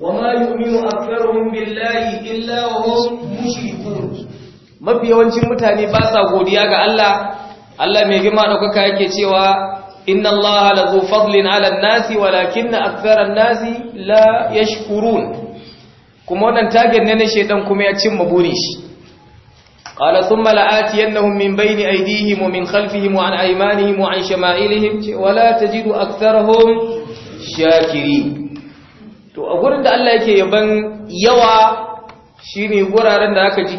وما يؤمن أكثرهم بالله إلا وهم مشركون mafi yawancin mutane ba sa godiya ga Allah Allah mai girma daukaka yake cewa inna Allah la zu fadlin ala an-nasi walakinna aktharan nasi la yashkurun kuma wannan tagen ne na shedan kuma ya cimma burin shi qala thumma la'atiyannahum min bayni aydihim wa min khalfihim wa an aymanihim wa an shama'ilihim wa la tajidu aktharahum shakirin to a gurin da Allah yake yaban yawa shine wuraren da aka ji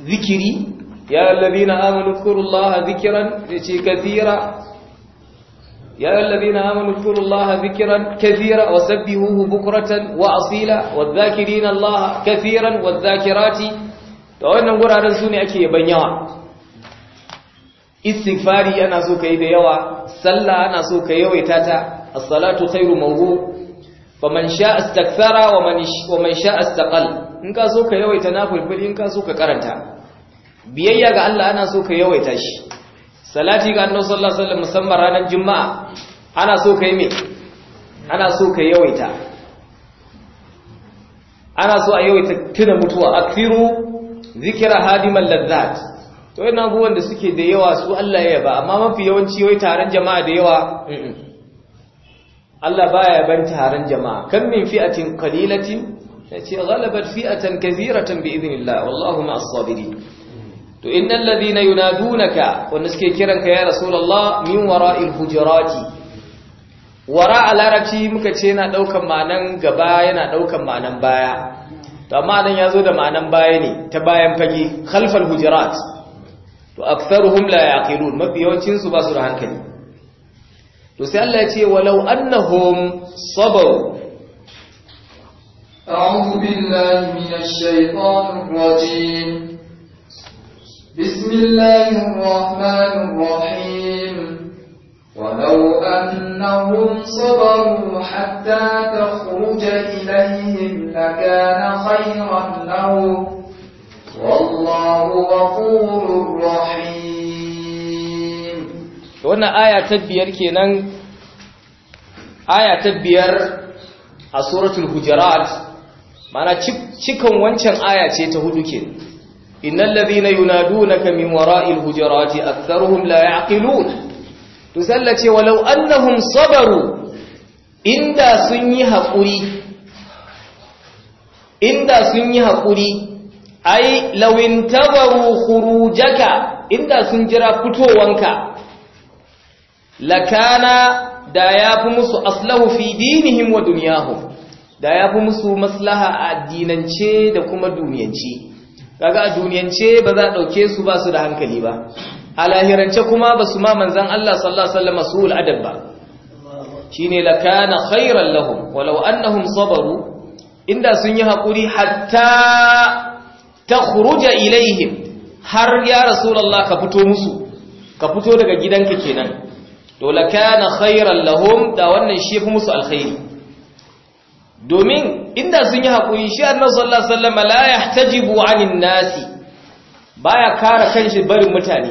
zikiri ya allazina amanu kurullaha zikran yace kathira ya allazina amanu kurullaha zikran kathira wasabbihuhu bukratan wa asila wadhakirina Allah kathiran wadhakirati to wannan wuraren guraren sune ake yaban yawa istighfari ana so kai da yawa sallah ana so ka yawaita ta as-salatu khairu mawdu' man sha astakthara wa man sha astaqal in ka so ka yawaita nafilfili in ka so ka karanta biyayya ga Allah ana so ka yawaita shi salati ga annabi sallallahu alaihi wasallam musamman ranar juma'a ana so ka yi me ana so ka yawaita ana so a yawaita tuna mutuwa akthiru zikra hadimal ladzat to ina abubuwan da suke da yawa su Allah ya yaba amma mafi yawanci yawaita taron jama'a da yawa Allah baya ban taron jama'a kan min fi'atin qalilatin yace ghalabat fi'atan kathiratan bi idhnillah wallahu ma'as sabirin to innal ladina yunadunaka wanda suke kiranka ya rasulullah min wara'il hujurati wara a larabci muka ce yana daukan ma'anan gaba yana daukan ma'anan baya to amma nan yazo da ma'anan baya ne ta bayan fage khalfal hujurat to aktharuhum la yaqilun mafi yawancin su ba su da hankali to sai Allah ya ce walau annahum sabaru أعوذ بالله من الشيطان الرجيم بسم الله الرحمن الرحيم ولو أنهم صبروا حتى تخرج إليهم لكان خيرا لهم والله غفور رحيم wannan aya ta biyar kenan aya ta biyar a suratul hujurat mana cikan wancan aya ce ta hudu ke innal ladhina yunadunaka min wara'il hujurati aktharuhum la ya'qilun to walau annahum sabaru inda sun yi haƙuri inda sun yi haƙuri ai lawin tabaru khurujaka inda sun jira fitowanka lakana da ya fi musu aslahu fi dinihim wa duniyahum da ya fi musu maslaha a addinance da kuma duniyance kaga a duniyance ba za a ɗauke su ba su da hankali ba a lahirance kuma ba su ma manzan Allah sallallahu alaihi wasallam su adab ba shine lakana khairan lahum walau annahum sabaru inda sun yi hakuri hatta takhruja ilaihim har ya rasulullah ka fito musu ka fito daga gidanka kenan to lakana khairan lahum da wannan shi fi musu alkhairi domin inda sun yi hakuri shi annabi sallallahu alaihi wasallam la yahtajibu 'anil nasi baya kare kanshi barin mutane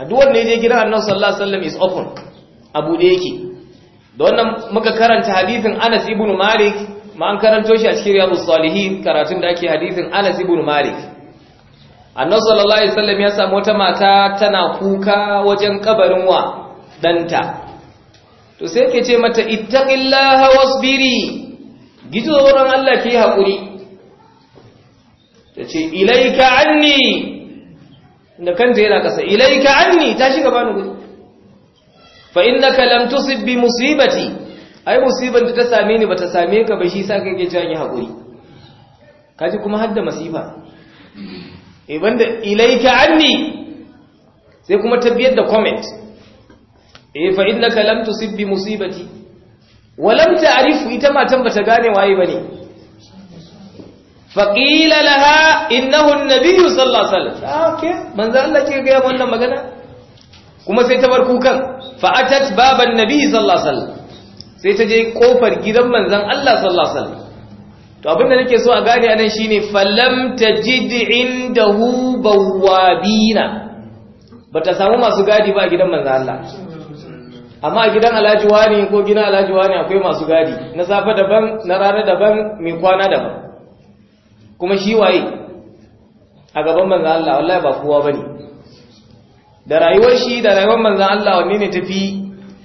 a duk wanda yaje gidan annabi sallallahu alaihi wasallam is open abu da yake da wannan muka karanta hadithin Anas ibn Malik ma an karanto shi a cikin Riyadus Salihin karatun da ake hadithin Anas ibn Malik annabi sallallahu alaihi wasallam ya samu wata mata tana kuka wajen kabarin wa danta to sai ke ce mata ittaqillaha wasbiri gizo wurin Allah ki hakuri tace ilaika anni da kanta yana kasa ilaika anni ta shiga bani guri fa innaka lam tusib bi musibati ai musiban da ta same ni bata same ka ba shi sa kake cewa yi hakuri kaji kuma hadda masifa eh banda ilaika anni sai kuma tabbiyar da comment E, fa innaka lam tusib bi musibati wa lam ta'rifu ita matan bata gane waye bane fa qila laha innahu an-nabiy sallallahu alaihi wasallam ah, okay manzo Allah ke ga wannan magana kuma sai ta bar kukan fa atat baban nabiy sallallahu alaihi wasallam sai ta je kofar gidan manzon Allah sallallahu alaihi wasallam to abinda nake so a gane anan shine falam tajid indahu bawabina bata samu masu gadi ba gidan manzo Allah amma a gidan alhaji wani ko gina alhaji wani akwai masu gadi na safe daban na rana daban mai kwana daban kuma shi waye a gaban manzan Allah wallahi ba kowa bane da rayuwar shi da rayuwar manzan Allah wanne ne tafi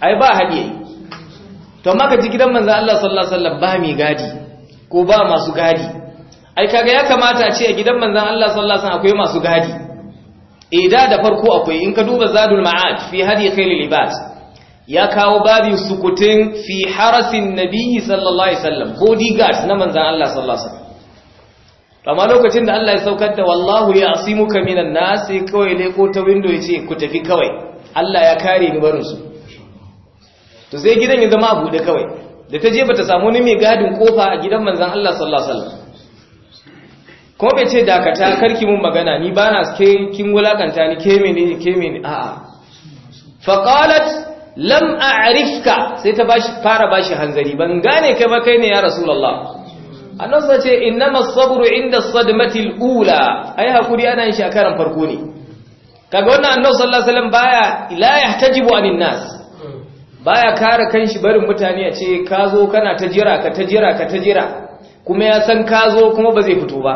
ai ba haɗe to amma ka ji gidan manzan Allah sallallahu alaihi wasallam ba mai gadi ko ba masu gadi ai kaga ya kamata a ce a gidan manzan Allah sallallahu alaihi wasallam akwai masu gadi idan da farko akwai in ka duba zadul ma'ad fi hadi khairil ibad ya kawo babi sukutin fi harasin nabihi sallallahu alaihi wasallam bodyguards na manzan Allah sallallahu alaihi wasallam amma lokacin da Allah ya saukar da wallahu ya asimuka minan na, sai kawai leko ta window ce ku tafi kawai Allah ya kare ni barin su to sai gidan ya zama abu da kawai da ta je bata samu ni mai gadin kofa a gidan manzan Allah sallallahu alaihi wasallam ko bai ce dakata karki mun magana ni bana kin wulakanta ni ke menene ke menene a'a faqalat lam a'rifka sai ta bashi fara bashi hanzari ban gane kai ba kai ne ya rasulullah annabi ce innama sabru inda sadmati ula ai hakuri ana yin shi farko ne kaga wannan annabi sallallahu alaihi wasallam baya la yahtajibu anin nas baya kare kanshi barin mutane a ce ka zo kana ta jira ka ta jira ka ta jira kuma ya san ka zo kuma ba zai fito ba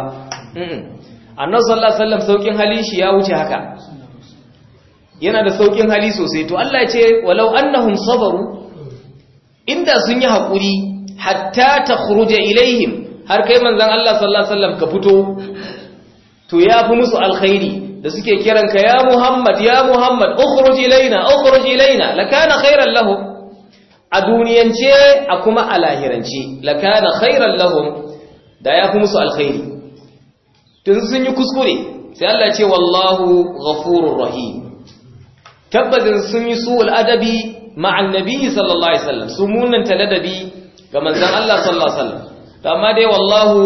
annabi sallallahu alaihi wasallam saukin halin shi ya wuce haka yana da saukin hali sosai to Allah ce walau annahum sabaru inda sun yi haƙuri hatta ta khuruja ilaihim har kai manzon Allah sallallahu alaihi wasallam ka fito to yafi musu alkhairi da suke kiranka ya Muhammad ya Muhammad ukhruj ilaina ukhruj ilaina lakana khairan lahum a duniyance a kuma a lahirance lakana khairan lahum da yafi musu alkhairi tun sun yi kuskure sai Allah ce wallahu ghafurur rahim tabbazin sun yi suwul adabi ma'an nabi sallallahu alaihi wasallam sun munanta ladabi ga manzan Allah sallallahu alaihi wasallam amma dai wallahu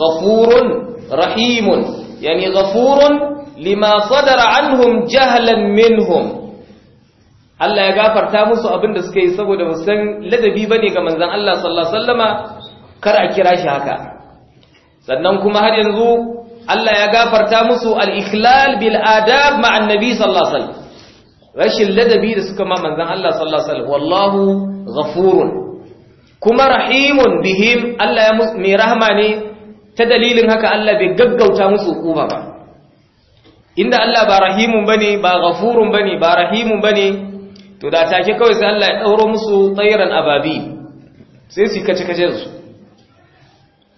ghafurun rahimun yani ghafurun lima sadara anhum jahlan minhum Allah ya gafarta musu abin da suka yi saboda ba ladabi ba ne ga manzan Allah sallallahu alaihi wasallama kar a kira shi haka sannan kuma har yanzu Allah ya gafarta musu al-ikhlal bil adab ma'an nabi sallallahu alaihi wasallam rashin ladabi da suka ma manzan Allah sallallahu alaihi wasallam wallahu ghafurun kuma rahimun bihim Allah ya mai rahama ne ta dalilin haka Allah bai gaggauta musu hukuma ba inda Allah ba rahimun bane ba ghafurun bane ba rahimun bane to da take kawai sai Allah ya dauro musu tsairan ababi sai su kace kace su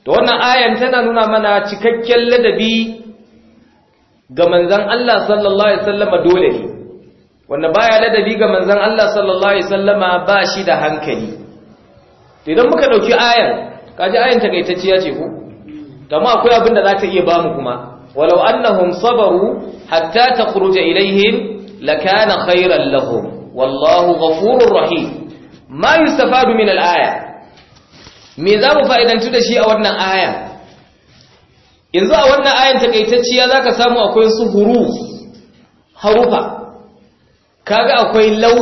to wannan ayan tana nuna mana cikakken ladabi ga manzan Allah sallallahu alaihi wasallam dole ne wanda baya ladabi ga manzon Allah sallallahu alaihi wasallama ba shi da hankali idan muka dauki ayar kaji ayan takaitacciya ce ko amma akwai abin da za ta iya bamu kuma walau annahum sabaru hatta takhruja ilaihim lakana khairan lahum wallahu ghafurur rahim ma yustafadu min al-aya me za mu fa'idantu da shi a wannan aya yanzu a wannan ayan takaitacciya za ka samu akwai su huruf harufa kaga akwai lau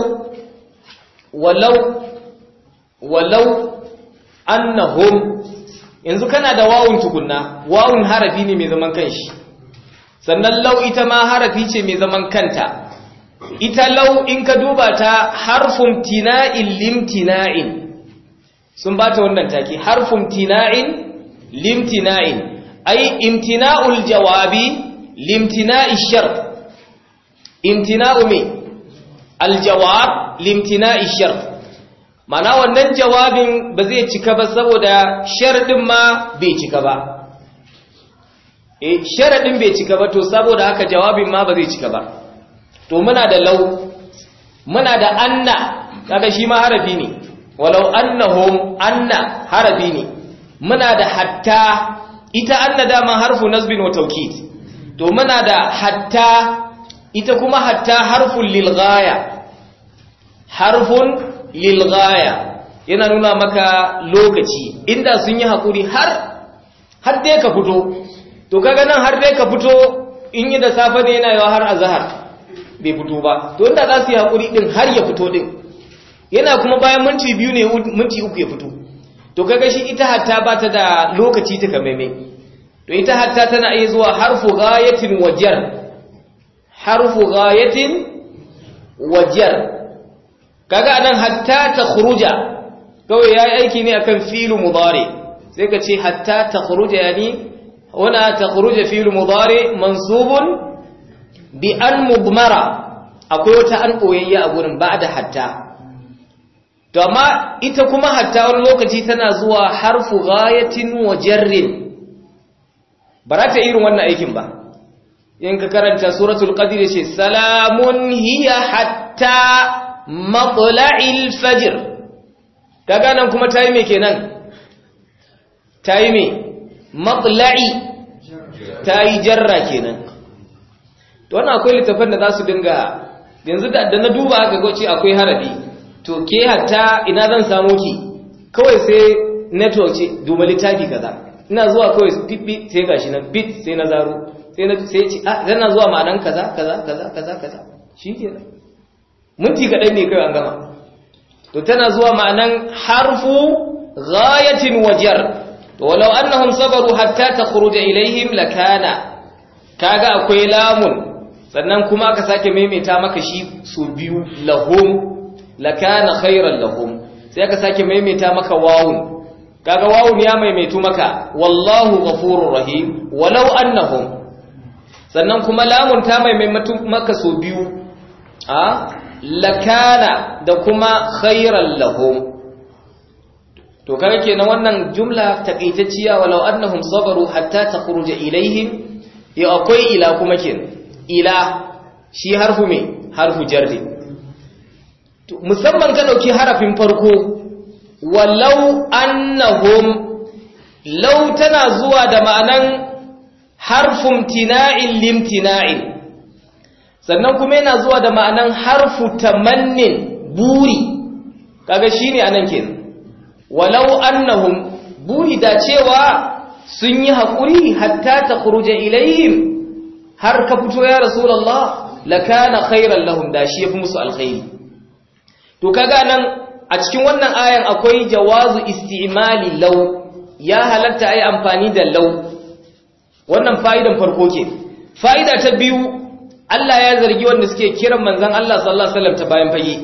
walau walau annahum yanzu kana da wawun tukunna wawun harafi ne mai zaman kanshi sannan lau ita ma harafi ce mai zaman kanta ita lau in ka duba ta harfun tina'in limtina'in sun ba ta wannan take harfun tina'in limtina'in ay imtina'ul jawabi limtina'i shart imtina'u me aljawab limtina ishar mana wannan jawabin ba zai cika ba saboda sharadin ma bai cika ba eh sharadin bai cika ba to saboda haka jawabin ma ba zai cika ba to muna da lau muna da anna kaga shi ma harafi ne walau annahum anna harafi ne muna da hatta ita anna dama harfu nasbin wa taukid to muna da hatta ita kuma hatta harfun lilgaya harfun lilgaya yana nuna maka lokaci inda sun yi hakuri har har dai ka fito to kaga nan har dai ka fito in yi da safe ne yana yawa har azhar bai fito ba to inda za su yi hakuri din har ya fito din yana kuma bayan minti biyu ne minti uku ya fito to kaga shi ita hatta ba ta da lokaci ta kameme to ita hatta tana iya zuwa harfu ghayatin wajar harfu ghayatin wajar kaga anan hatta takhruja kawai yayi aiki ne akan fi'lu mudari sai ka ce hatta takhruja yani wana takhruja fi'lu mudari mansubun bi an mudmara akwai wata an oyayya a gurin ba da hatta to amma ita kuma hatta wani lokaci tana zuwa harfu ghayatin wajarrin ba za ta irin wannan aikin ba in ka karanta suratul qadir ce salamun hiya hatta matla'il fajr kaga nan kuma tayi me kenan tayi me matla'i tayi jarra kenan to wannan akwai litafin da za su dinga yanzu da na duba aka ce akwai harabi to ke hatta ina zan samu ki kawai sai network ce duba littafi kaza ina zuwa kawai bit sai gashi nan bit sai na zaro sai na sai ce ah, a zan zuwa ma'anan kaza kaza kaza kaza kaza shikenan minti kaɗan ne kai an gama to tana zuwa ma'anan harfu ghayatin wajar to walau annahum sabaru hatta takhruja ilaihim lakana kaga akwai lamun sannan kuma aka sake maimaita maka shi su biyu lahum lakana khairan lahum sai aka sake maimaita maka wawun kaga wawun ya maimaitu maka wallahu ghafurur rahim walau annahum sannan kuma lamun ta mai maka so biyu a lakana da kuma khairan Lahom. to ke na wannan jumla ta taqitacciya walau annahum sabaru hatta ta takhruja ilaihim ya akwai ila kuma kenan ila shi harfu mai harfu jarri musamman ka dauki harafin farko walau annahum lau tana zuwa da ma'anan harfun tina'in limtina'in sannan kuma yana zuwa da ma'anan harfu tamannin buri kaga shine anan kenan walau annahum buri da cewa sun yi hakuri hatta ta kuruje ilayhim har ka fito ya rasulallah lakana khairan lahum da shi yafi musu alkhairi to kaga nan a cikin wannan ayan akwai jawazu istimali law ya halatta ai amfani da law wannan fa'idan farko ke fa'ida ta biyu Allah ya zargi wanda suke kiran manzon Allah sallallahu alaihi wasallam ta bayan fage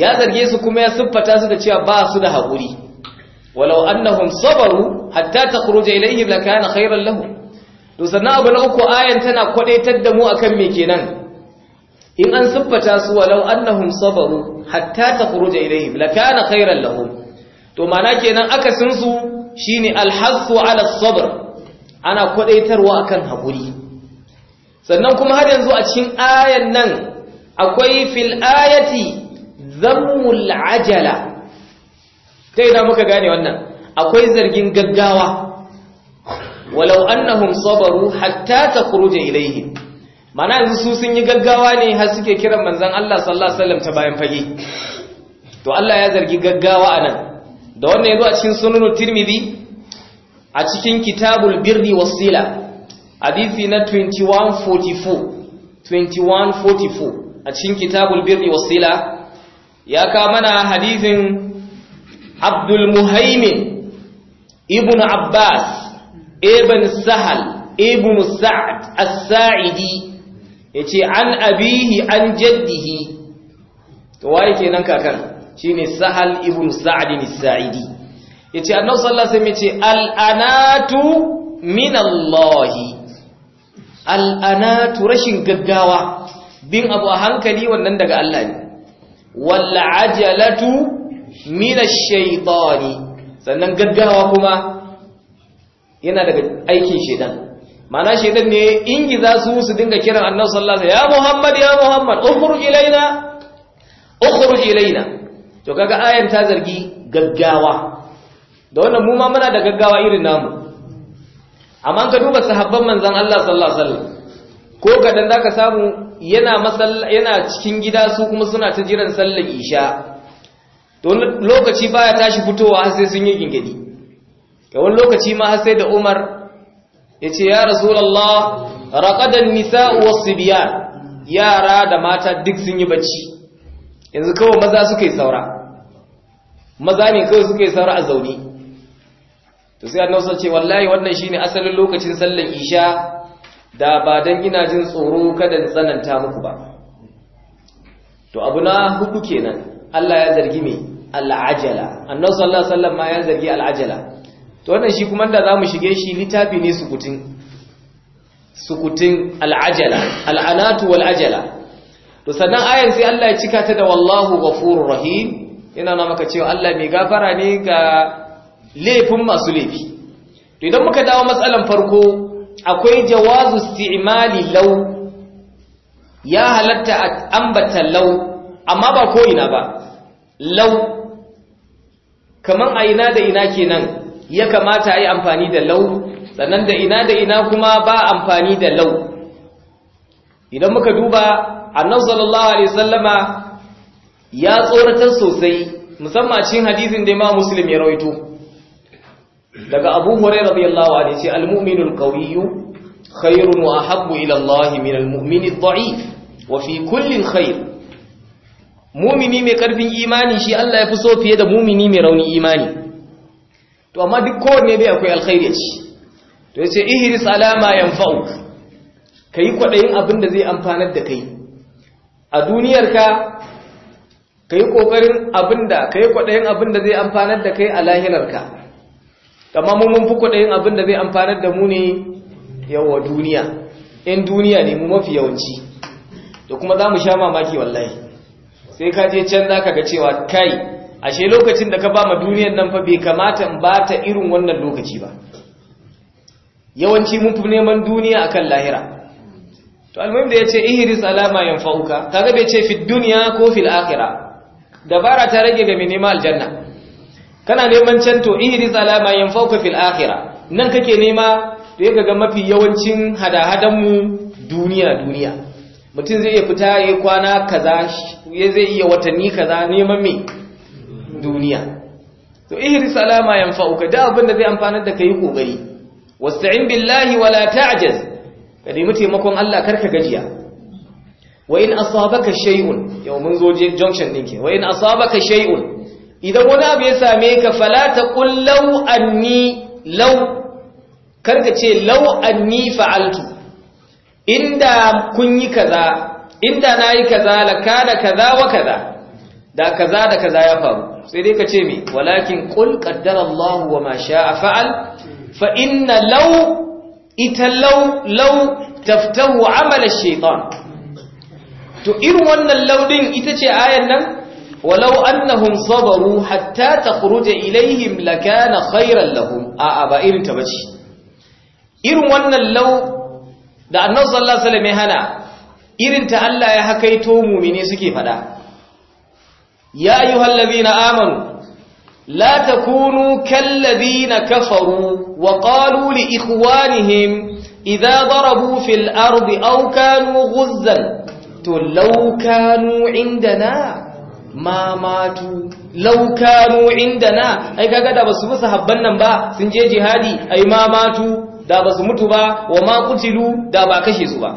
ya zarge su kuma ya siffata su da cewa ba su da haƙuri walau annahum sabaru hatta takhruja ilayhim lakana khayran lahum to sannan abu na uku ayan tana kwadaitar da mu akan me kenan in an siffata su walau annahum sabaru hatta takhruja ilayhim lakana khayran lahum to mana kenan akasin su shine alhasu ala sabr ana kwadaitarwa kan haƙuri sannan kuma har yanzu a cikin ayan nan akwai fil ayati zammul ajala ta ina muka gane wannan akwai zargin gaggawa walau annahum sabaru hatta takhruja ilaihim mana yanzu su sun yi gaggawa ne har suke kiran manzon Allah sallallahu ta bayan fage to Allah ya zargi gaggawa a nan. da wannan yazo a cikin sunan Tirmidhi a cikin kitabul birri wasila hadisi na 2144 2144 a cikin kitabul birri wasila ya ka mana hadisin abdul muhaimin ibn abbas ibn sahal ibn sa'ad as-sa'idi yace an abihi an jaddihi to waye kenan kakan shine sahal ibn sa'd as-sa'idi yace annabi sallallahu alaihi wasallam yace al'anatu minallahi al'anatu rashin gaggawa bin abu a hankali wannan daga Allah ne wal ajalatu minash shaitani sannan gaggawa kuma yana daga aikin shaitan mana shaitan ne ingiza su su dinga kiran annabi sallallahu alaihi wasallam ya muhammad ya muhammad ukhruj ilaina ukhruj ilaina to kaga ayan ta zargi gaggawa da wannan mu ma muna da gaggawa irin namu amma ka duba sahabban manzon Allah sallallahu alaihi wasallam ko kadan zaka samu yana masalla yana cikin gida su kuma suna ta jiran sallar isha to lokaci baya tashi fitowa har sai sun yi gingidi ga wani lokaci ma har sai da Umar yace ya rasulullah raqadan nisa was-sibyan yara da mata duk sun yi bacci yanzu kawai maza suka yi saura maza ne kawai suka yi saura a zauni to sai annabi ce wallahi wannan shine asalin lokacin sallar isha da ba dan ina jin tsoro kada tsananta muku ba to abu na huku kenan Allah ya zargi me al'ajala annabi sallallahu alaihi wasallam ma ya zargi al'ajala to wannan shi kuma da zamu shige shi litafi ne sukutin sukutin al'ajala al'anatu wal'ajala to sannan ayan sai Allah ya cika ta da wallahu ghafurur rahim yana na maka cewa Allah mai gafara ne ga laifin masu laifi to idan muka dawo matsalan farko akwai jawazu isti'mali law ya halatta ambata law amma ba ko ina ba law kaman a ina da ina kenan ya kamata a yi amfani da law sannan da ina da ina kuma ba amfani da law idan muka duba annabi sallallahu alaihi wasallama ya tsoratar sosai musamman cikin hadisin da Imam Muslim ya rawaito daga abu hurairah radiyallahu anhu sai al-mu'minul kawiyu khairun wa ahabbu ila min al da'if wa fi kullin khair mu'mini mai karfin imani shi Allah ya fi so fiye da mu'mini mai rauni imani to amma duk kowane bai akwai alkhairi ci to ya ce, ihiris alama ka yi kwaɗayin abin da zai amfanar da kai a duniyarka abin da, abinda yi abin da zai amfanar da kai a lahirarka amma mu mun fi kwaɗayin abin da zai amfanar da mu ne yawa duniya in duniya ne mu mafi yawanci da kuma za mu sha mamaki wallahi sai ka je can za ka ga cewa kai ashe lokacin da ka ba ma duniyar nan fa bai kamata in ba ta irin wannan lokaci ba yawanci mun fi neman duniya akan lahira to almuhim da ya ce ihris alama yanfa'uka kaga bai ce fi dunya ko fil akhirah dabara ta rage ga mai neman aljanna kana neman canto, to ihris ala ma yanfauka fil akhirah nan kake nema to yaka ga mafi yawancin hada-hadan mu duniya duniya mutum zai iya fita ya kwana kaza ya zai iya watanni kaza neman me duniya to ihris ala ma yanfauka da abin da zai amfanar da kai kokari wasta'in billahi wala ta'jaz ka nemi taimakon Allah karka gajiya wa in asabaka shay'un yau mun zo junction ɗinke wa in asabaka shay'un idan wani abu ya same ka falata kun lau'anni lau. law karka ce lau'anni anni fa'altu inda kun yi kaza inda na yi kaza la da kaza wa kaza da kaza da kaza ya faru sai dai ka ce me walakin kun qaddara Allah wa ma a fa'al fa inna law ita lau lau taftahu amal ash-shaytan to irin wannan law ita ce ayan nan walau annahum sabaru hatta takhruja ilaihim lakana khairan lahum a ba irin ta bace irin wannan law da annabi sallallahu alaihi wasallam hana irin ta Allah ya hakaito mumini suke fada ya ayyuhal ladina amanu la takunu kal ladina kafaru wa qalu li ikhwanihim idza darabu fil ardi aw kanu ghuzzan to law kanu indana ma matu laukanu indana ai kaga da basu musu habban nan ba sun je jihadi ai ma matu da basu mutu ba wa ma kutilu da ba kashe su ba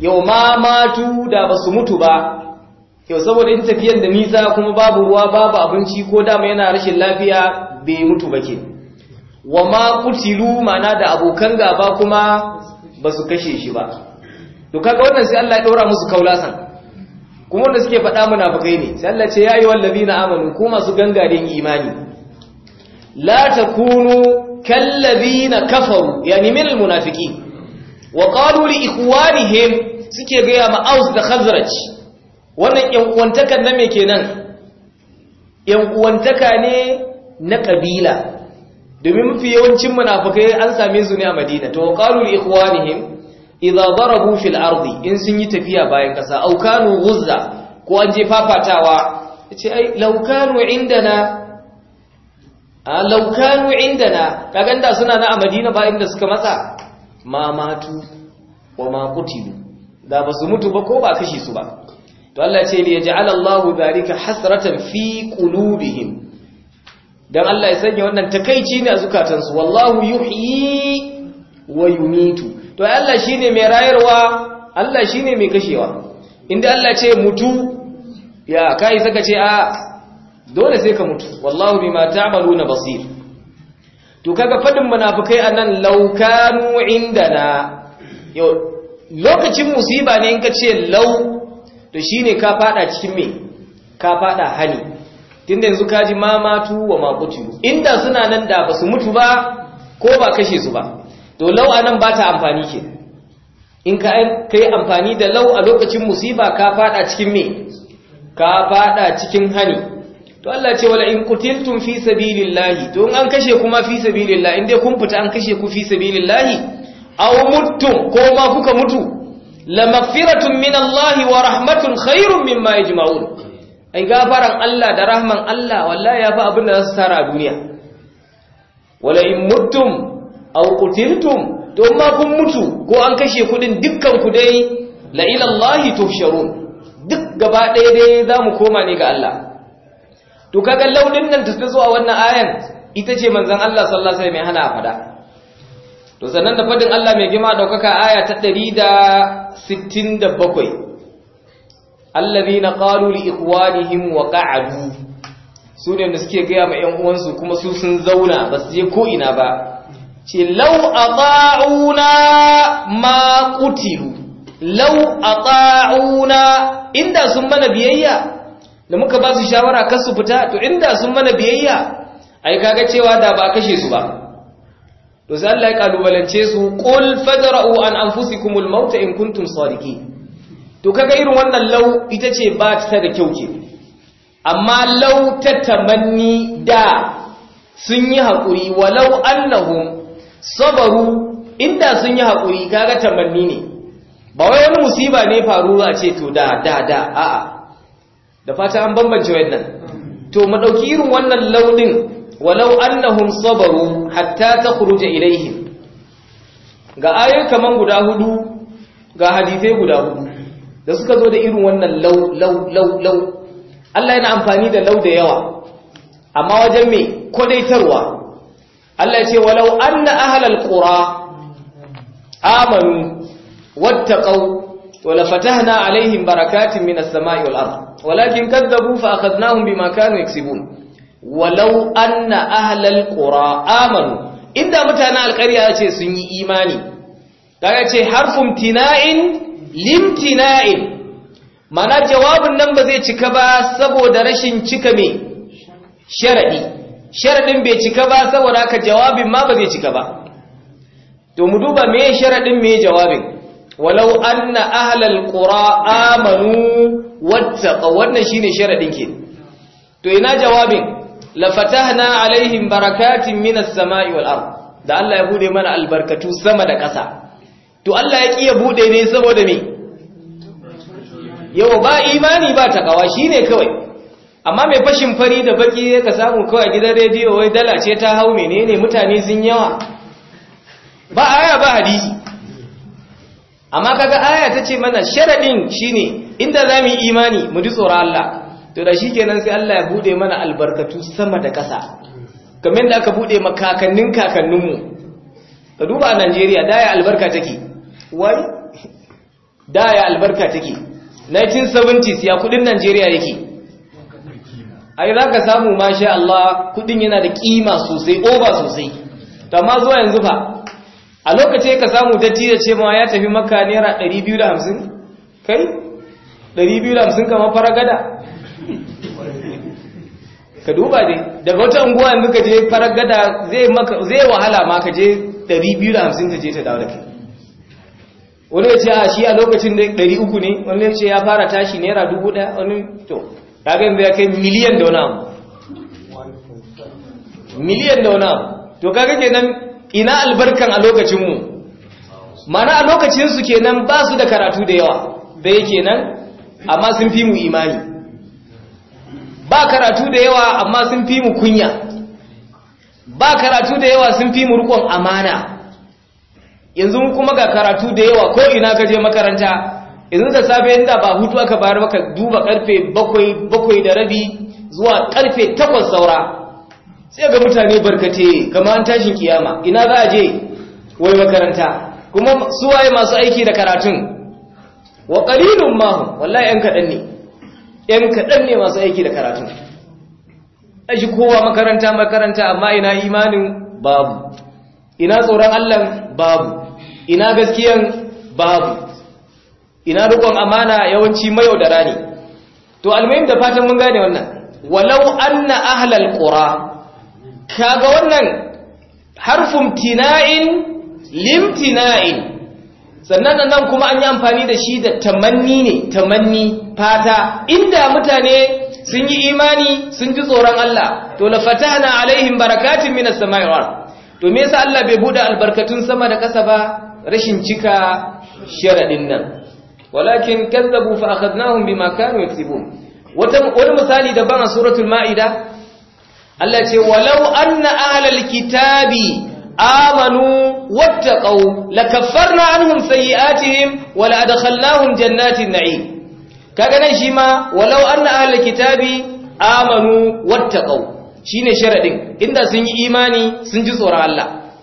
yau ma da basu mutu ba yau saboda in tafiyar da nisa kuma babu ruwa babu abinci ko dama yana rashin lafiya bai mutu ba ke wa ma kutilu mana da abokan gaba kuma basu kashe shi ba to kaga wannan sai Allah ya daura musu kaulasan kuma wanda suke faɗa munafukai ne sai Allah ce yayi wallazina amanu ku masu gangaren imani la takunu kallazina kafaru yani min almunafiqin wa qalu li ikhwanihim suke ga ma aus da khazraj wannan yan uwantaka na me kenan yan uwantaka ne na kabila domin mafi yawancin munafukai an same su ne a Madina to qalu li ikhwanihim idza darabu fil ardi in sun yi tafiya bayan kasa au kanu ko an je fafatawa yace ai law kanu indana a law kanu indana kaganda suna na a Madina bayan da suka matsa ma matu wa ma da basu mutu ba ko ba kashi su ba to Allah ce li yaj'al Allahu dhalika hasratan fi qulubihim dan Allah ya sanya wannan takeici ne a zukatansu wallahu yuhyi wa yumitu to Allah shi ne mai rayarwa Allah shi ne mai kashewa inda Allah ce mutu ya kai saka ce a dole sai ka mutu wallahu bima ta'maluna basir to kaga fadin munafikai anan laukanu indana yau lokacin musiba ne in ka ce lau to shine ka fada cikin me ka fada hani tunda yanzu kaji mamatu wa maqutiyu inda suna nan da basu mutu ba ko ba kashe su ba to lau nan ba ta amfani ke in ka yi amfani da lau a lokacin musiba ka fada cikin me ka fada cikin hani to Allah ce wala in qutiltum fi sabilillahi to an kashe kuma fi sabilillahi inda kun fita an kashe ku fi sabilillahi aw muttum ko ma kuka mutu la magfiratun min Allah wa rahmatun khairun mimma yajma'un ai gafaran Allah da rahman Allah wallahi yafi abin da za tara duniya wala in muttum aw don to ma kun mutu ko an kashe kudin dukkan ku dai la ila Allah duk gaba ɗaya dai mu koma ne ga Allah to kaga laudin nan ta zo a wannan ayan ita ce manzon Allah sallallahu alaihi wasallam mai hana fada to sannan da fadin Allah mai gima daukaka aya ta 167 alladhina qalu li ikhwanihim wa qa'adu sune da suke gaya ma 'yan uwansu kuma su sun zauna basu je ko ina ba ce lau a ta'una ma kutilu lau a ta'una inda sun mana biyayya da muka ba su shawara kan su fita to inda sun mana biyayya ai kaga cewa da ba kashe su ba to sai Allah ya kalubalance su qul fadra'u an anfusikumul maut in kuntum sadiqin to kaga irin wannan lau ita ce ba ta da kyau ke amma lau ta tamanni da sun yi haƙuri walau annahum sabaru inda sun yi haƙuri kaga tamanni ne ba wai wani musiba ne faruwa ce to da da da a'a da fata an bambance wannan to mu dauki irin wannan launin walau annahum sabaru hatta takhruja ilaihim ga ayoyi kaman guda hudu ga hadisai guda hudu da suka zo da irin wannan lau lau lau lau Allah yana amfani da lau da yawa amma wajen me kodaitarwa Allah ce walau anna ahlal qura amanu wattaqau wala fatahna alaihim barakatin minas samai wal ard walakin kadzabu fa akhadnahum bima kanu yaksubun walau anna ahlal qura amanu inda mutanen alqarya sun yi imani kaga ce harfum tina'in limtina'in mana jawabin nan ba zai cika ba saboda rashin cika mai sharadi sharadin bai cika ba saboda haka jawabin ma ba zai cika ba to mu duba me sharadin me jawabin walau anna ahlal qura amanu wattaqa wannan shine sharadin ke to ina jawabin la fatahna alaihim barakatin minas samai wal ard da Allah ya bude mana albarkatu sama da ƙasa to Allah ya kiya bude ne saboda me yau ba imani ba takawa shine kawai amma mai fashin fari da baki ka samu kawai gidan rediyo wai dala ce ta hau menene mutane sun yawa ba aya ba hadisi amma kaga aya ta ce mana sharadin shine inda za mu yi imani mu ji tsoron Allah to da kenan sai Allah ya bude mana albarkatu sama da ƙasa kamar da aka bude makakannin kakanninmu ka duba a Najeriya ya albarka take wai ya albarka take 1970s ya kudin Najeriya yake ai za ka samu shi Allah kudin yana da kima sosai oba sosai ta ma zuwa yanzu fa a lokacin ka samu datti da ce ma ya tafi maka naira 250 kai 250 kamar faragada ka duba dai daga wata unguwa yanzu ka je faragada zai maka zai wahala ma ka je 250 ka je ta dawo da kai wani ya ce a shi a lokacin da 300 ne wani ya ce ya fara tashi naira 1000 wani to kagan da ya kai miliyan da wani miliyan da wani abu to kaga kenan ina albarkan a lokacinmu mana a lokacinsu kenan ba su da karatu da yawa da yake nan amma sun fi mu imani ba karatu da yawa amma sun fi mu kunya ba karatu da yawa sun fi mu rukon amana yanzu kuma ga karatu da yawa ko ina kaje makaranta yanzu da safe inda ba hutu aka bayar maka duba karfe bakwai bakwai da rabi zuwa karfe takwas saura sai ga mutane barkate kama an tashin kiyama ina za a je wai makaranta kuma su waye masu aiki da karatun wa qalilun ma hum wallahi yan kadan ne yan kadan ne masu aiki da karatun aji kowa makaranta makaranta amma ina imanin babu ina tsoron Allah babu ina gaskiyan babu ina rukon amana yawanci mayaudara ne to almuhim da fatan mun gane wannan walau anna ahlal qura kaga wannan harfun tina'in lim Tina'in, sannan nan kuma an yi amfani da shi da tamanni ne tamanni fata inda mutane sun yi imani sun ji tsoron Allah to la fatahna alaihim barakatin minas sama'i wa. to me yasa Allah bai buɗe albarkatun sama da ƙasa ba rashin cika sharadin nan walakin kazzabu fa akhadnahum bima kanu yaktubun wata wani misali daban a suratul maida Allah ce walau anna ahlal kitabi amanu wattaqau lakaffarna anhum sayiatihim wala adkhalnahum jannatin na'im kaga nan shi ma walau anna ahlal kitabi amanu wattaqau shine sharaɗin, inda sun yi imani sun ji tsoron Allah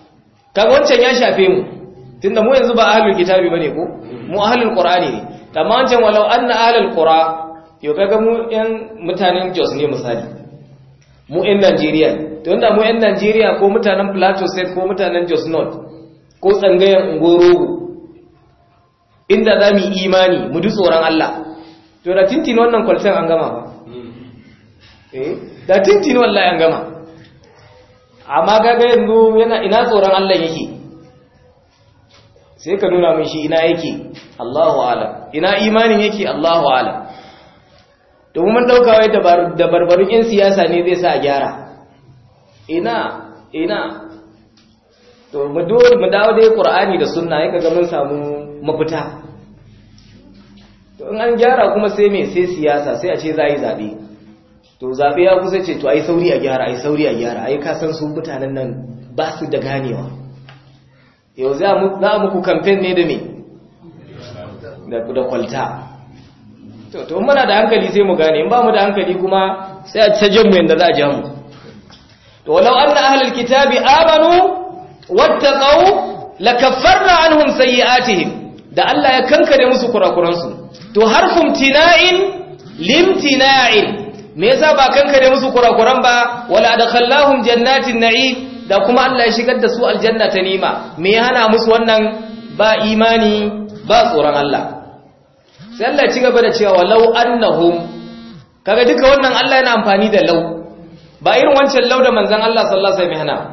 kaga wancan ya shafe mu tunda mu yanzu ba ahlul kitabi bane ko mu ahlul qur'ani ne Ta wancan walau anna ahlul qura yo kaga mu yan mutanen Jos ne misali mu yan Najeriya to mu yan Najeriya ko mutanen Plateau State ko mutanen Jos North ko tsangayen Ungorogo inda za mu imani mu du tsoron Allah to da tintin wannan kwalsan an gama ba eh da tintin wallahi an gama amma kaga yanzu yana ina tsoron Allah yake sai ka nuna mun shi ina yake Allahu alam ina imanin yake Allahu alam domin mun dauka wai da barbarun yan siyasa ne zai sa a gyara ina ina to mu dole mu dawo dai Qur'ani da Sunna yake ga mun samu mafita to in an gyara kuma sai me sai siyasa sai a ce za yi zabe to zabe ya kusa ce to ai sauri a gyara ai sauri a gyara ai ka san su mutanen nan ba su da ganewa yau za a muku kamfen ne da me da kwalta to muna da hankali sai mu gane in ba mu da hankali kuma sai a ta jan mu yadda za a ja mu to walau anna ahlul kitabi amanu wattaqau lakaffarna anhum sayyi'atihim da Allah ya kankare musu kurakuransu to harfum tina'in limtina'in me yasa ba kankare musu kurakuran ba wala adkhallahum jannatin na'im da kuma Allah ya shigar da su aljanna ta nima me ya hana musu wannan ba imani ba tsoron Allah sai Allah ya ci gaba da cewa law annahum kaga duka wannan Allah yana amfani da law ba irin wancan law da manzon Allah sallallahu alaihi wasallam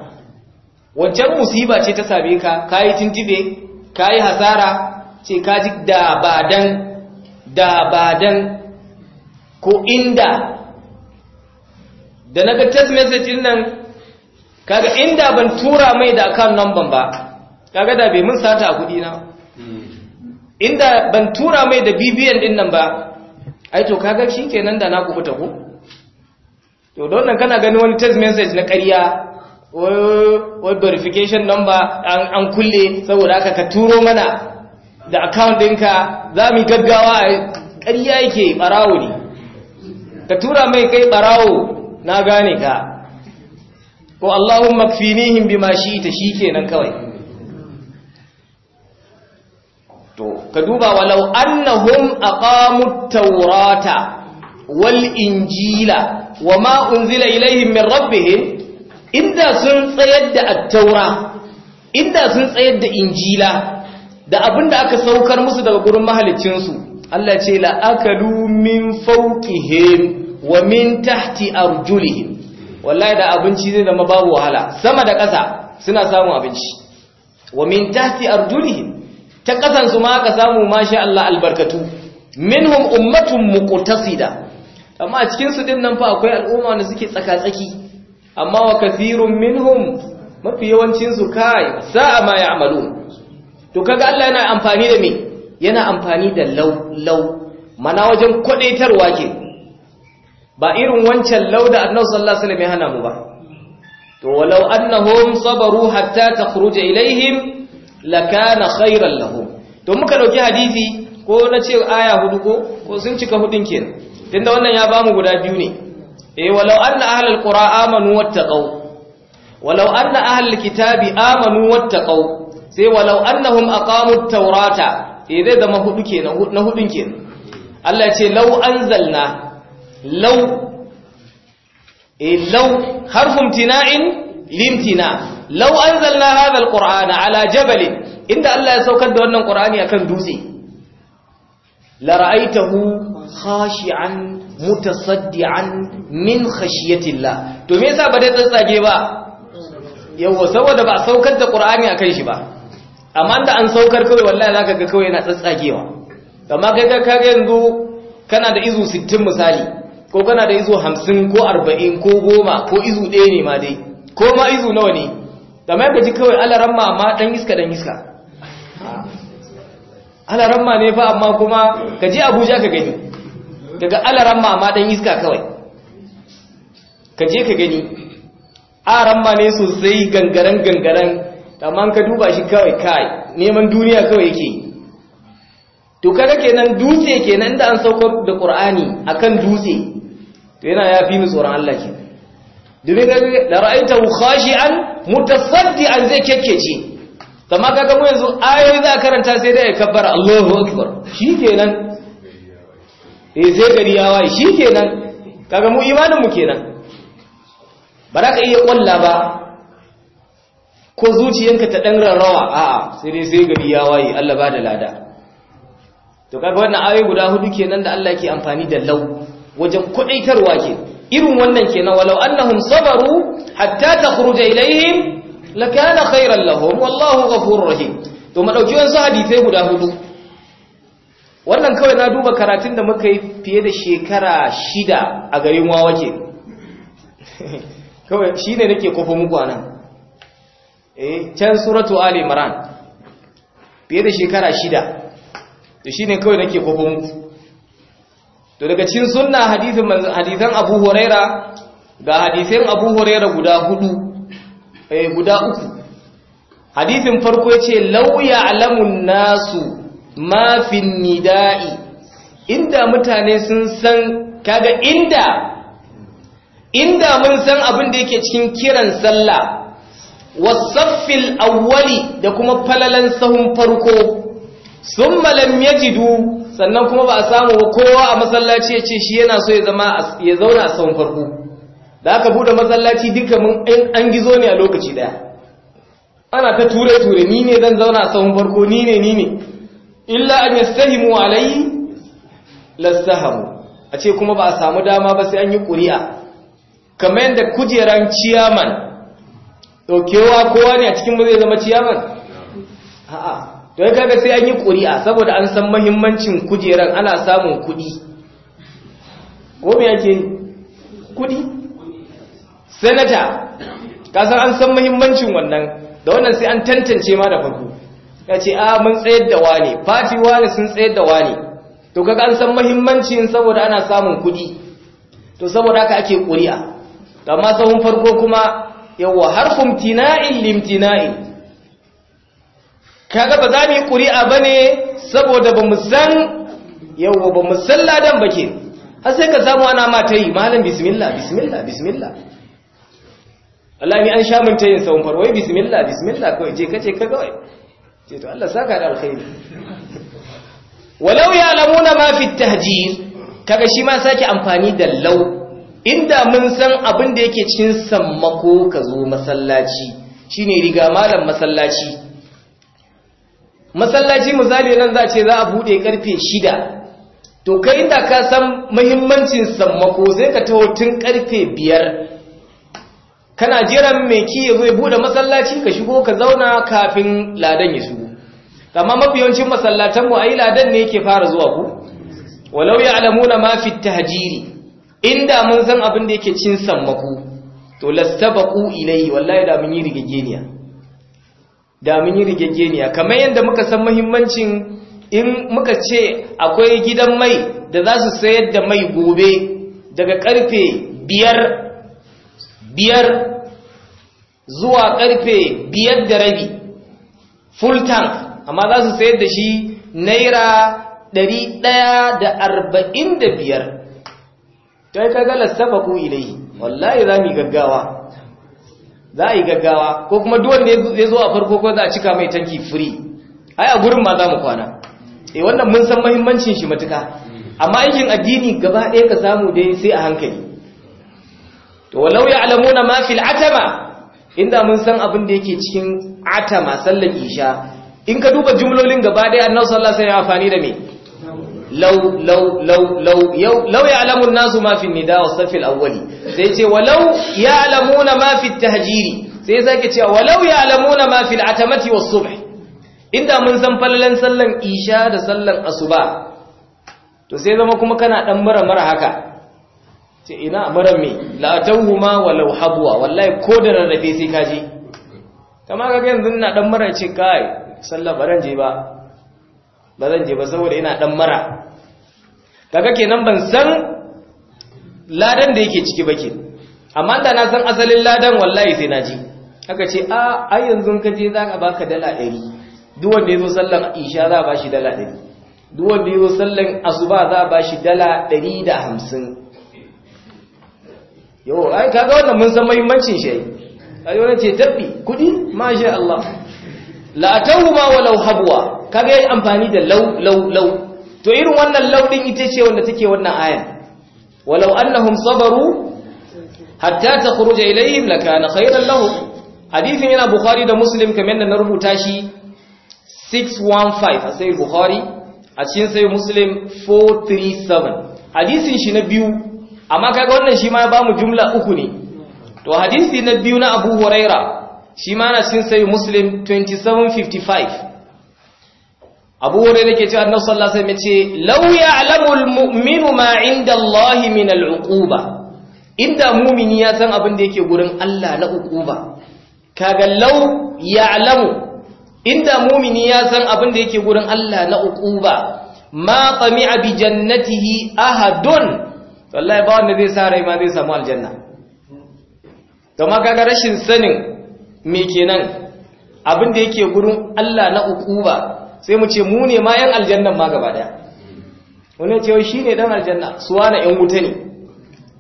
wancan musiba ce ta same ka kai tintibe kai hasara ce ka ji da badan da badan ko inda da naga test message din nan kaga inda ban tura mai da account number ba kaga da bai mun sata a kudi na inda ban tura mai da BBN din nan ba ai to kaga shikenan da na kubuta ko to don nan kana gani wani text message na ƙarya wai verification number an kulle saboda aka ka turo mana da account ɗinka za mu gaggawa a ƙarya yake barawo ne ka tura mai kai barawo na gane ka ko Allahumma kfinihim bima shi'ta shikenan kawai to ka duba walau annahum aqamut tawrata wal injila wama unzila ilaihim min rabbihim inda sun tsayar da at-taura inda sun tsayar da injila da abinda aka saukar musu daga gurin mahalicinsu Allah ce la akalu min fawqihim wa min tahti arjulihim wallahi da abinci zai zama babu wahala sama da ƙasa suna samun abinci wa min tahti arjulihim ta ƙasan su ma aka samu masha Allah albarkatu minhum ummatun muqtasida amma a cikin su din nan fa akwai al'umma da suke tsaka-tsaki amma wa kathirun minhum mafi yawancin su kai sa'a ma ya'malun to kaga Allah yana amfani da me yana amfani da law law mana wajen kwadaitarwa ke ba irin wancan lauda annabi sallallahu alaihi wasallam ya hana mu ba to walau annahum sabaru hatta takhruja ilaihim lakana khairan lahum to muka dauki hadisi ko na ce aya hudu ko ko sun cika hudun kenan tunda wannan ya bamu guda biyu ne eh walau anna ahlul qura amanu wattaqau walau anna ahlul kitabi amanu wattaqau sai walau annahum aqamut taurata. eh zai zama hudu kenan na hudun kenan Allah ya ce law anzalna lau e lau harfin tina'in limtina lau an zalna hadal ƙura'ana ala jabalin inda Allah ya saukar da wannan ƙura'ani a kan dutse lara'aitahu khashi'an mutasaddi'an min khashiyatillah to me yasa ba dai tsatsage ba yawa saboda ba saukar da ƙura'ani akan shi ba amma da an saukar kawai wallahi zaka ga kawai yana tsatsagewa amma kai ka kage yanzu kana da izu 60 misali ko kana da izu hamsin ko arba'in ko goma ko izu ɗaya ne ma dai ko ma izu nawa ne da mai kaji kawai ma amma ɗan iska ɗan iska ma ne fa amma kuma ka je abuja ka gani daga ma amma ɗan iska kawai ka je ka gani ma ne sosai gangaren gangaren amma ka duba shi kawai kai neman duniya kawai yake yi to kada kenan dutse kenan da an sauko da Qur'ani akan dutse to yana ya fi mu tsoron Allah ke domin ga da ra'aita khashi'an mutasaddian zai kekkece kamar kaga mu yanzu ayoyi za karanta sai dai ya kabbara Allahu akbar shikenan eh sai gari ya waye shikenan kaga mu imanin mu kenan baraka ka iya kwalla ba ko zuciyanka ta dan rarrawa a'a sai dai sai gari ya waye Allah ba da lada to kaga wannan ayoyi guda hudu kenan da Allah ke amfani da lau wajen kudaitarwa ke irin wannan ke kenan walau annahum sabaru hatta takhruja ilaihim lakana khairan lahum wallahu ghafurur rahim to madauki wannan hadisi guda hudu wannan kawai na duba karatun da muka yi fiye da shekara shida a garin wawa ke kawai shine nake kofa muku anan eh can suratu ali imran fiye da shekara shida to shine kawai nake kofa muku to daga cikin sunna hadisin hadisan Abu Huraira ga hadisin Abu Huraira guda hudu eh guda uku hadisin farko yace law alamun nasu ma fi nida'i inda mutane sun san kaga inda inda mun san abin da yake cikin kiran sallah wasaffil awwali da kuma falalan sahun farko summa lam yajidu sannan kuma ba a samu ba kowa a masallaci ya ce shi yana so ya zama ya zauna a tsawon farko da aka bude masallaci duka mun an gizo ne a lokaci daya ana ta ture ture ni ne zan zauna a tsawon farko ni ne ni ne illa an yastahimu alai lasahamu a ce kuma ba a samu dama ba sai an yi ƙuri'a kamar yadda kujeran ciyaman ɗaukewa kowa ne a cikin mu zai zama ciyaman a'a to ya kaga sai an yi ƙuri'a saboda an san mahimmancin kujeran ana samun kuɗi ko me yake kuɗi senata ka san an san mahimmancin wannan da wannan sai an tantance ma da farko ya ce a ah, mun tsayar da wane fati wane sun tsayar da wane to kaga an san mahimmancin saboda ana samun kuɗi to saboda haka ake ƙuri'a amma sahun farko kuma yawa harfin tina'in limtina'in kaga ba za mu yi ƙuri'a ba ne saboda ba mu san yawa ba mu san ladan ba ke har sai ka samu ana mata yi malam bismillah bismillah bismillah Allah ni an sha mun ta yin sawun farwai bismillah bismillah kawai je kace ka kawai ce to Allah saka da alkhairi walau ya'lamuna ma fi tahjir kaga shi ma saki amfani da law inda mun san abin da yake cikin sammako ka zo masallaci shine riga malam masallaci masallaci misali nan za ce za a buɗe karfe shida to kai inda ka san mahimmancin sammako sai ka taho tun karfe biyar kana jiran mai ki ya buɗe masallaci ka shigo ka zauna kafin ladan ya shigo amma mafi yawancin masallatanmu a yi ladan ne yake fara zuwa ku walau ya alamuna ma fi tahajiri inda mun san abin da yake cin sammako to lastabaku ilai wallahi da mun yi rigageniya da mun yi rigegeniya kamar yadda muka san muhimmancin in muka ce akwai gidan mai da za su sayar da mai gobe daga karfe biyar biyar zuwa karfe biyar da rabi full tank amma za su sayar da shi naira ɗari ɗaya da arba'in da biyar ta yi kagalar safa ku ilai wallahi za mu gaggawa za a yi gaggawa ko kuma duwan da ya zo a farko ko za a cika mai tanki firi. ai a gurin ma za mu kwana E, wannan mun san mahimmancin shi matuka amma aikin addini gaba ɗaya ka samu dai sai a hankali to walau alamu ma fil atama inda mun san abin da yake cikin atama sallar isha in ka duba jumlolin gaba ɗaya annabi sallallahu alaihi wasallam ya amfani da me lau lau lau lau yau lau يعلم الناس nasu في النداء والصف wa safil sai ce walau ya'lamuna ma fi tahjiri sai sake cewa walau ya'lamuna ma fi al-atamati was inda mun san fallan sallan isha da sallan asuba to sai zama kuma kana dan mara-mara haka ce ina mara me la tawhuma walau habwa wallahi ko da rarrafe sai kaje kama kaga yanzu ina dan mara ce kai sallah baran je ba ba zan je ba saboda ina dan mara kaga kenan ban san ladan da yake ciki ba ke amma da na san asalin ladan wallahi sai na ji aka ce a ai yanzu ka je za ka baka dala 100 duk wanda yazo sallan isha za ba shi dala 100 duk wanda yazo sallan asuba za ba shi dala 150 yau ai kaga wannan mun san muhimmancin shi ai wannan ce tabbi kudi masha Allah la'atahu ma walau habwa kaga yayi amfani da law law law to irin wannan law din ita ce wanda take wannan ayan walau annahum sabaru hatta takhruja ilayhim lakana khayran lahum hadithin yana bukhari da muslim kamar da na rubuta shi 615 a sai bukhari a cikin sai muslim 437 hadisin shi na biyu amma kaga wannan shi ma ya bamu jumla uku ne to hadisi na biyu na abu huraira shi ma na cikin sai muslim 2755 abu wurin da ke cewa annabi sallallahu alaihi ce lauya alamul mu'minu ma 'inda allahi min al'uquba inda mu'mini ya san abin da yake gurin Allah na uquba kaga ya alamu. inda mu'mini ya san abin da yake gurin Allah na uquba ma tami'a bi jannatihi ahadun wallahi ba wanda zai sa rai ma zai samu aljanna to ma kaga rashin sanin me kenan abin da yake gurin Allah na ukuba sai mu ce mu ne ma yan aljannan ma gaba daya wani ce shi ne dan aljanna suwa na yan wuta ne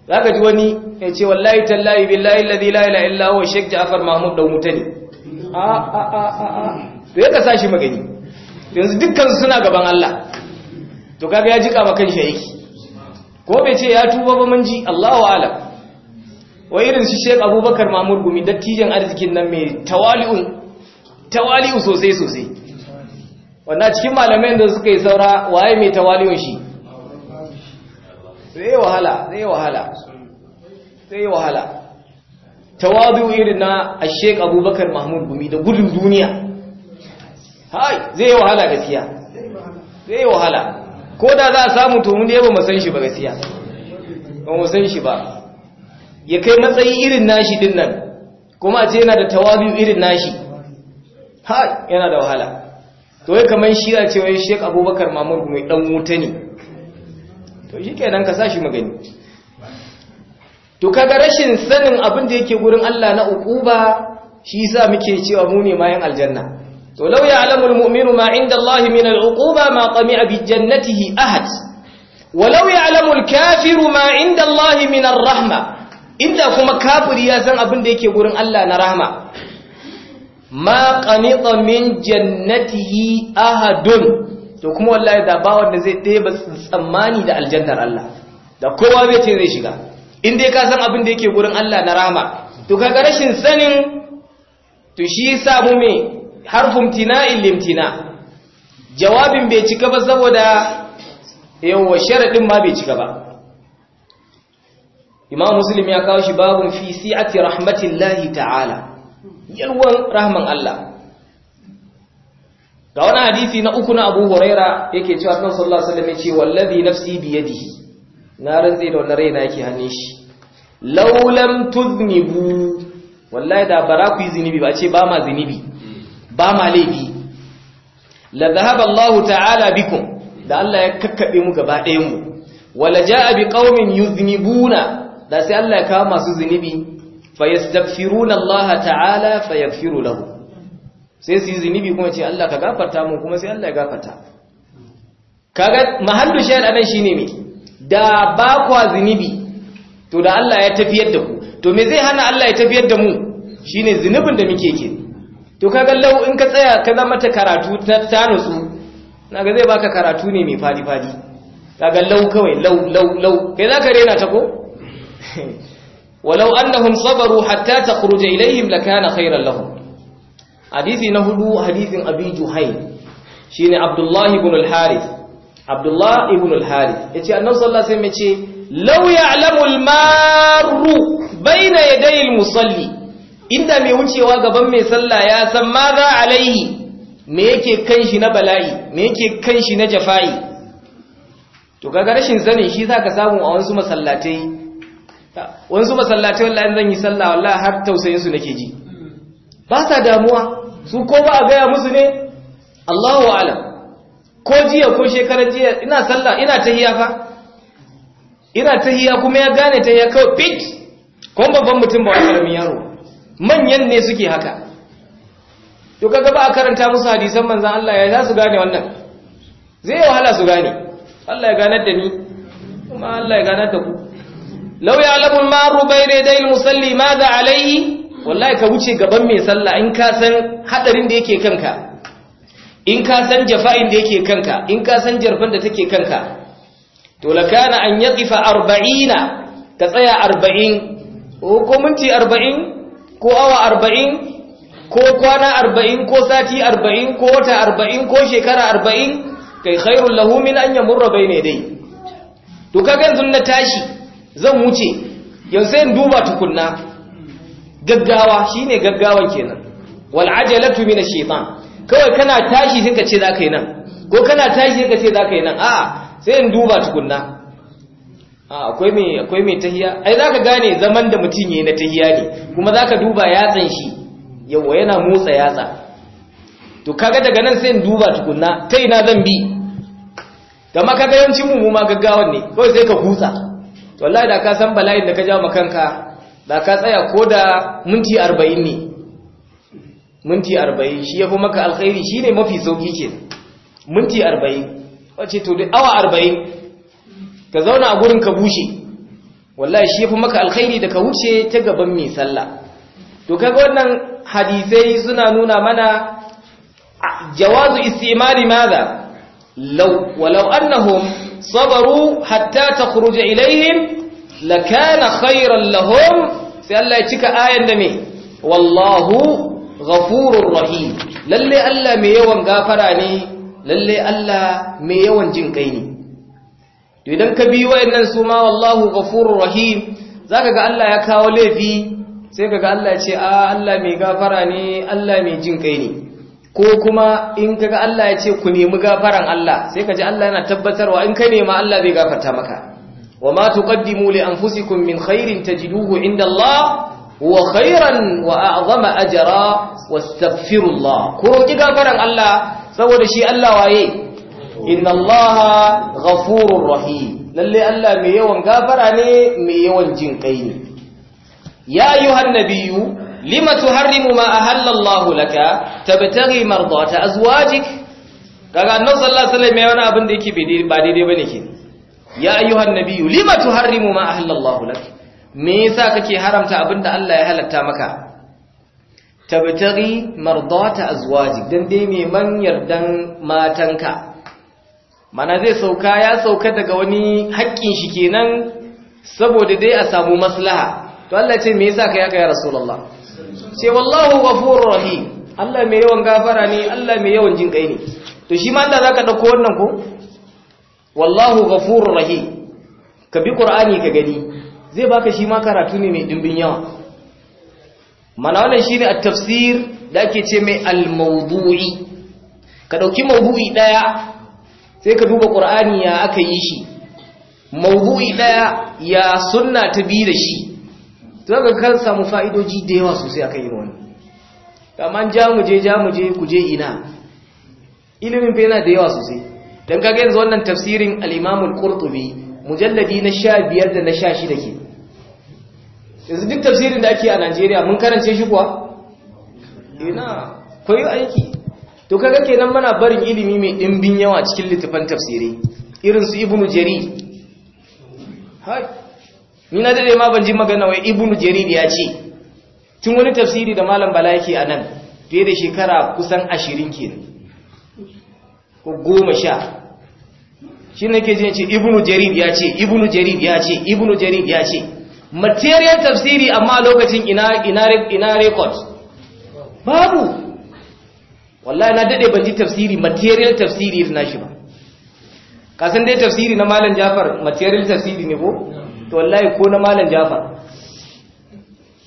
zaka ji wani ya ce wallahi tallahi billahi alladhi la ilaha illa huwa shaykh Ja'far Mahmud dan wuta ne a a a a to ya kasa shi magani yanzu dukkan suna gaban Allah to kaga ya jika ma kanshi yake ko bai ce ya tuba ba mun ji Allahu a'lam wa irin shi Sheikh Abubakar Mamur Gumi dattijan arzikin nan mai tawali'un tawali'u sosai sosai wannan cikin malamai da suka yi saura waye mai tawali'un shi sai wahala sai wahala sai wahala tawadu irin na shek Abubakar Mahmud Gumi da gudun duniya hai zai yi wahala gaskiya zai yi wahala ko da za a samu to da yaba mu san shi ba gaskiya ba mu san shi ba ya kai matsayi irin nashi din nan kuma a ce yana da tawabi irin nashi ha yana da wahala to ya kamar shi a cewa shek abubakar mamur mai dan wuta ne to shi kenan ka sa shi magani to kaga rashin sanin abin da yake gurin Allah na ukuba shi sa muke cewa mu ne mayan aljanna to law ya'lamu almu'minu ma 'inda Allah min al'uquba ma qami'a bi jannatihi ahad wa law ya'lamu alkafiru ma 'inda Allah min arrahma inda kuma kafiri ya san abin da yake gurin Allah na rahama ma qanita min jannatihi ahadun to kuma wallahi da ba wanda zai ɗeba tsammani da aljannar Allah da kowa bai ce zai shiga in dai ka san abin da yake gurin Allah na rahama to kaga rashin sanin to shi yasa mu me harfum tina'il limtina jawabin bai cika ba saboda yawa sharadin ma bai cika ba imam muslim ya kawo shi babun fi si'ati rahmatillahi ta'ala yalwan rahman Allah ga wani hadisi na uku na Abu Huraira yake cewa Annabi sallallahu alaihi wasallam ya ce wallazi nafsi bi yadihi na rantsi da wannan raina yake hannun shi law lam tuznibu wallahi da bara zinibi ba ce ba ma zinibi. ba ma laifi la dhahaba Allah ta'ala bikum da Allah ya kakkabe mu gaba ɗayan mu wala jaa bi qaumin yuznibuna da sai Allah ya kawo masu zunubi fayastaghfiruna Allah ta'ala fayaghfiru lahu sai su yi zunubi kuma ce Allah ka gafarta mu kuma sai Allah ya gafarta kaga mahallu shayar anan shine me da ba kwa zunubi to da Allah ya tafiyar da ku to me zai hana Allah ya tafiyar da mu shine zunubin da muke ke to kaga lau in ka tsaya ka zama ta karatu ta Na naga zai baka karatu ne mai fadi fadi kaga lau kawai lau lau lau kai zaka rena ta ko walau annahum sabaru hatta takhruja ilaihim lakana khairan lahum hadisi na hudu hadisin abi shi ne abdullahi ibn al-harith abdullahi ibn al-harith yace annabi sallallahu alaihi wasallam yace law ya'lamu al-maru baina yaday al-musalli inda mai wucewa gaban mai salla ya san ma za alaihi me yake kanshi na bala'i me yake kanshi na jafa'i to kaga rashin sanin shi ka samu a wasu masallatai wansu masallatai wallahi zan yi sallah wallahi har tausayin su nake ji ba sa damuwa su ko ba a gaya musu ne Allahu a'lam ko jiya ko shekara jiya ina sallah ina tahiya fa ina tahiya kuma ya gane tahiya kawai fit ko babban mutum ba wani karamin yaro manyan ne suke haka to kaga ba a karanta musu hadisan manzon Allah ya za su gane wannan zai wahala su gane Allah ya ganar da ni kuma Allah ya ganar da ku Lauya ya'lamu al-maru bayna yaday musalli madha wallahi ka wuce gaban mai sallah in ka san hadarin da yake kanka in ka san jafa'in da yake kanka in ka san jarfan da take kanka to lakana an yaqifa 40 ka tsaya 40 ko minti 40 ko awa 40 ko kwana 40 ko sati 40 ko wata 40 ko shekara 40 kai khairul lahu min an yamurra bayna dai to kaga yanzu na tashi zan wuce yanzu in duba tukunna gaggawa Shi ne gaggawan kenan wal ajalatu na ash kawai kana tashi sai ka ce ka yi nan ko kana tashi sai ka ce ka yi nan a'a sai in duba tukunna akwai mai tahiya ai ka gane zaman da mutum yi na tahiya ne kuma za ka duba yatsan shi yawa yana motsa yatsa to kaga daga nan sai in duba tukunna ta ina zan bi gama kaga yancin mummuma mu ma gaggawan ne kawai sai ka hutsa wallahi da ka san bala'in da ka ja kanka da ka tsaya ko da minti arba'in ne minti arba'in shi ya fi maka alkhairi shi ne mafi sauki ke minti arba'in wace to da awa arba'in ka zauna a gurin ka bushe wallahi shi ya fi maka alkhairi da ka wuce ta gaban mai sallah to kaga wannan hadisai suna nuna mana jawazu istimali madha law walau annahum sabaru hatta ta takhruja ilaihim lakana khairan lahum sai Allah ya cika ayan da me wallahu ghafurur rahim Allah mai yawan gafara ne lalle Allah mai yawan jin kai ne to idan ka bi wayannan su ma wallahu ghafurur rahim zaka ga Allah ya kawo laifi sai kaga Allah ya ce a ah, Allah mai gafara ne Allah mai jin kai ne ko kuma in kaga Allah ya ce ku nemi gafaran Allah sai kaji Allah yana tabbatarwa in ka nema Allah zai gafarta maka wama tuqaddimu li anfusikum min khairin tajiduhu inda Allah huwa khairan wa a'zama ajra wastaghfirullah ku roki gafaran Allah saboda shi Allah waye inna Allah ghafurur rahim lalle Allah mai yawan gafara ne mai yawan jin ne ya ayyuhan nabiyyu lima tuharrimu ma ahallallahu laka tabtaghi mardata azwajik kaga annabi sallallahu alaihi wasallam ya wani abin da yake ba daidai bane ke ya ayyuhan nabiyyu lima tuharrimu ma ahallallahu laka me yasa kake haramta abin da Allah ya halatta maka tabtaghi mardata azwajik dan dai man yardan matanka mana zai sauka ya sauka daga wani haƙƙin shi kenan saboda dai a samu maslaha to Allah ce me yasa kai haka ya rasulullah sai wallahu ghafurur rahim Allah mai yawan gafara ne Allah mai yawan jin kai ne to shi ma Allah zaka dauko wannan ko wallahu ghafurur rahim ka bi qur'ani ka gani zai baka shi ma karatu ne mai dimbin yawa mana wannan shine at-tafsir da ake ce mai al-mawdu'i ka dauki mawdu'i daya sai ka duba qur'ani ya aka yi shi mawdu'i daya ya sunna ta bi da shi to ga kan samu fa'idoji da yawa sosai a kan akan irin wannan ja jamuje ku kuje ina ilimin fa yana da yawa sosai dan kaga yanzu wannan tafsirin al-Imam al-Qurtubi mujalladi na 15 da na 16 ke yanzu duk tafsirin da ake a Najeriya mun karance shi kuwa ina koyo aiki to kaga kenan muna barin ilimi mai dimbin yawa cikin littafan tafsiri irin su Ibn Jarir ni na dade ma ban ji magana wai ibnu jarir ya ce tun wani tafsiri da malam bala yake a nan fiye da shekara kusan ashirin kenan ko goma sha shi ne ke ce ibnu jarir ya ce ibnu jarir ya ce ibnu jarir ya ce material tafsiri amma lokacin ina ina ina record babu wallahi na dade ban ji tafsiri material tafsiri na shi ba kasan dai tafsiri na malam jafar material tafsiri ne ko to wallahi ko na malam Jafar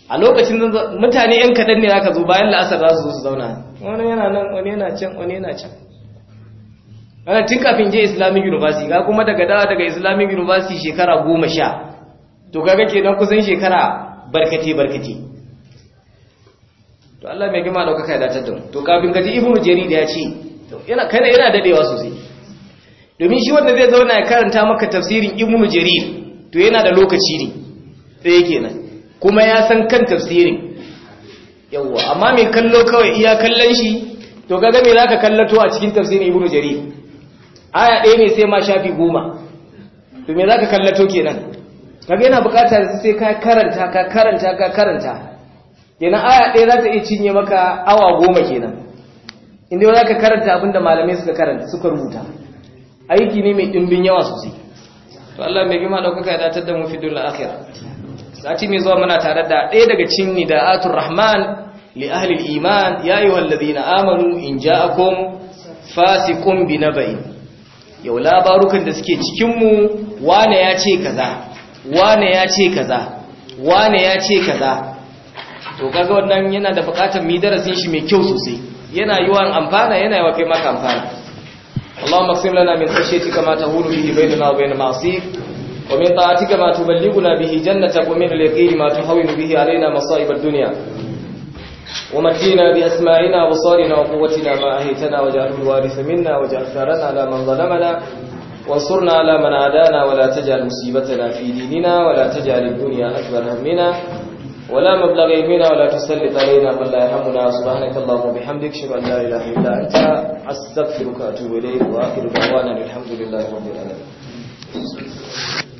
a lokacin mutane yan kaɗan ne aka zo bayan la'asar za su zo su zauna wani yana nan wani yana can wani yana can ana tun kafin je islamic university ga kuma daga dawa daga islamic university shekara goma sha to kaga kenan kusan shekara barkate barkate to Allah mai gima daukaka ya datar da mu to kafin ji ibnu da ya ce to yana kana yana dadewa sosai domin shi wanda zai zauna ya karanta maka tafsirin ibnu jarir to yana da lokaci ne tsaye kenan kuma ya san kan tafsirin yawwa amma mai kallo kawai iya kallon shi to kaga me zaka kallato a cikin tafsirin ibnu jarir aya ɗaya ne sai ma shafi goma to me zaka kallato kenan kaga yana buƙatar sai ka karanta ka karanta ka karanta kenan aya ɗaya za ta iya cinye maka awa goma kenan inda za ka karanta abinda malamai suka karanta suka rubuta aiki ne mai ɗimbin yawa sosai to Allah mai girma daukaka ya datar da mu fi dunya akhir sati mai zuwa muna tare da ɗaya daga cikin nida'atul rahman li ahli iman ya ayyuhalladhina amanu in ja'akum fasiqun binabai yau labarukan da suke cikin mu wane ya ce kaza wane ya ce kaza wane ya ce kaza to kaga wannan yana da bukatar mi darasin shi mai kyau sosai yana yiwa amfana yana yawa kai maka amfana اللهم اقسم لنا من خشيتك ما تهون به بيننا وبين معصيك ومن طاعتك ما تبلغنا به جنتك ومن اليقين ما تهون به علينا مصائب الدنيا ومتينا بأسمائنا وصارنا وقوتنا ما أهيتنا واجعله الوارث منا واجعل ثارنا على من ظلمنا وانصرنا على من عادانا ولا تجعل مصيبتنا في ديننا ولا تجعل الدنيا أكبر همنا ولا مبلغ يمينا ولا تسلط علينا من لا يرحمنا سبحانك اللهم وبحمدك اشهد ان لا اله الا انت استغفرك واتوب اليك واخر دعوانا الحمد لله رب العالمين